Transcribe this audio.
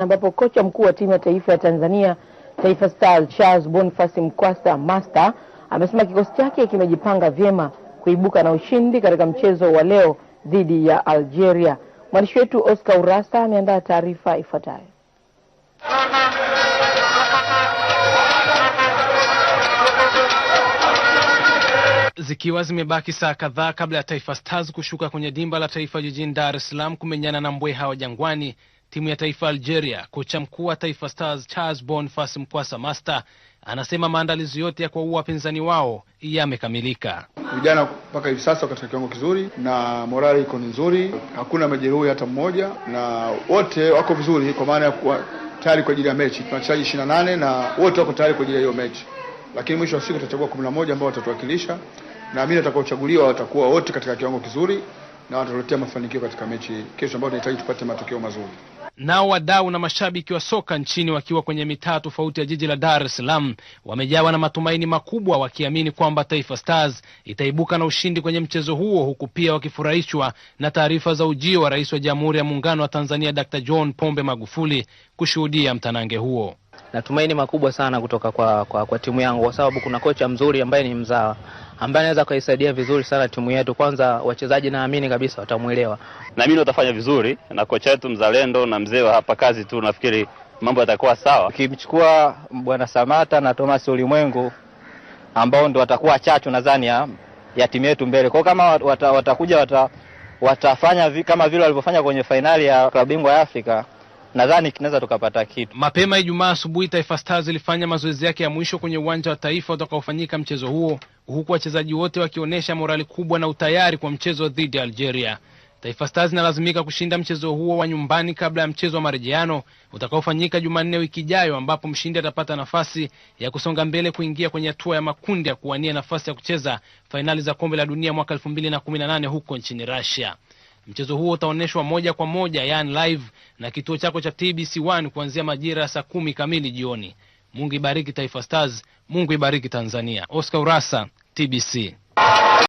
ambapo kocha mkuu wa timu ya taifa ya Tanzania Taifa Stars Charles Boniface Mkwasa Master amesema kikosi chake kimejipanga vyema kuibuka na ushindi katika mchezo wa leo dhidi ya Algeria. Mwandishi wetu Oscar Urasa ameandaa taarifa ifuatayo. Zikiwa zimebaki saa kadhaa kabla ya Taifa Stars kushuka kwenye dimba la taifa jijini Dar es Salaam kumenyana na mbweha wa Jangwani timu ya taifa Algeria, kocha mkuu wa Taifa Stars Charles Boniface Mkwasa Master anasema maandalizi yote ya kuwaua wapinzani wao yamekamilika. Vijana mpaka hivi sasa katika kiwango kizuri na morali iko nzuri, hakuna majeruhi hata mmoja, na wote wako vizuri, kwa maana ya kuwa tayari kwa ajili ya mechi. Tuna wachezaji ishirini na nane na wote wako tayari kwa ajili ya hiyo mechi, lakini mwisho wa siku tutachagua kumi na moja ambao watatuwakilisha. Naamini watakaochaguliwa watakuwa wote katika kiwango kizuri na watatuletea mafanikio katika mechi kesho, ambayo tunahitaji tupate matokeo mazuri. Nao wadau na mashabiki wa soka nchini wakiwa kwenye mitaa tofauti ya jiji la Dar es Salaam wamejawa na matumaini makubwa, wakiamini kwamba Taifa Stars itaibuka na ushindi kwenye mchezo huo, huku pia wakifurahishwa na taarifa za ujio wa Rais wa Jamhuri ya Muungano wa Tanzania Dr. John Pombe Magufuli kushuhudia mtanange huo natumaini makubwa sana kutoka kwa, kwa, kwa timu yangu kwa sababu kuna kocha mzuri ambaye ni mzawa ambaye anaweza kuisaidia vizuri sana timu yetu. Kwanza wachezaji naamini kabisa watamwelewa, naamini watafanya vizuri na kocha wetu mzalendo na mzee wa hapa kazi tu, nafikiri mambo yatakuwa sawa. Ukimchukua bwana Samata na Thomas Ulimwengu ambao ndo watakuwa chachu nadhani ya, ya timu yetu mbele kwao, kama watakuja wata, wata watafanya kama vile walivyofanya kwenye fainali ya klabu bingwa ya Afrika nadhani tunaweza tukapata kitu. Mapema Ijumaa asubuhi, Taifa Stars ilifanya mazoezi yake ya mwisho kwenye uwanja wa Taifa utakaofanyika mchezo huo, huku wachezaji wote wakionyesha morali kubwa na utayari kwa mchezo dhidi ya Algeria. Taifa Stars inalazimika kushinda mchezo huo wa nyumbani kabla ya mchezo wa marejeano utakaofanyika Jumanne wiki ijayo, ambapo mshindi atapata nafasi ya kusonga mbele kuingia kwenye hatua ya makundi ya kuwania nafasi ya kucheza fainali za kombe la dunia mwaka elfu mbili na kumi na nane huko nchini Russia. Mchezo huo utaonyeshwa moja kwa moja, yani live, na kituo chako cha TBC1 kuanzia majira ya saa kumi kamili jioni. Mungu ibariki Taifa Stars, Mungu ibariki Tanzania. Oscar Urasa, TBC.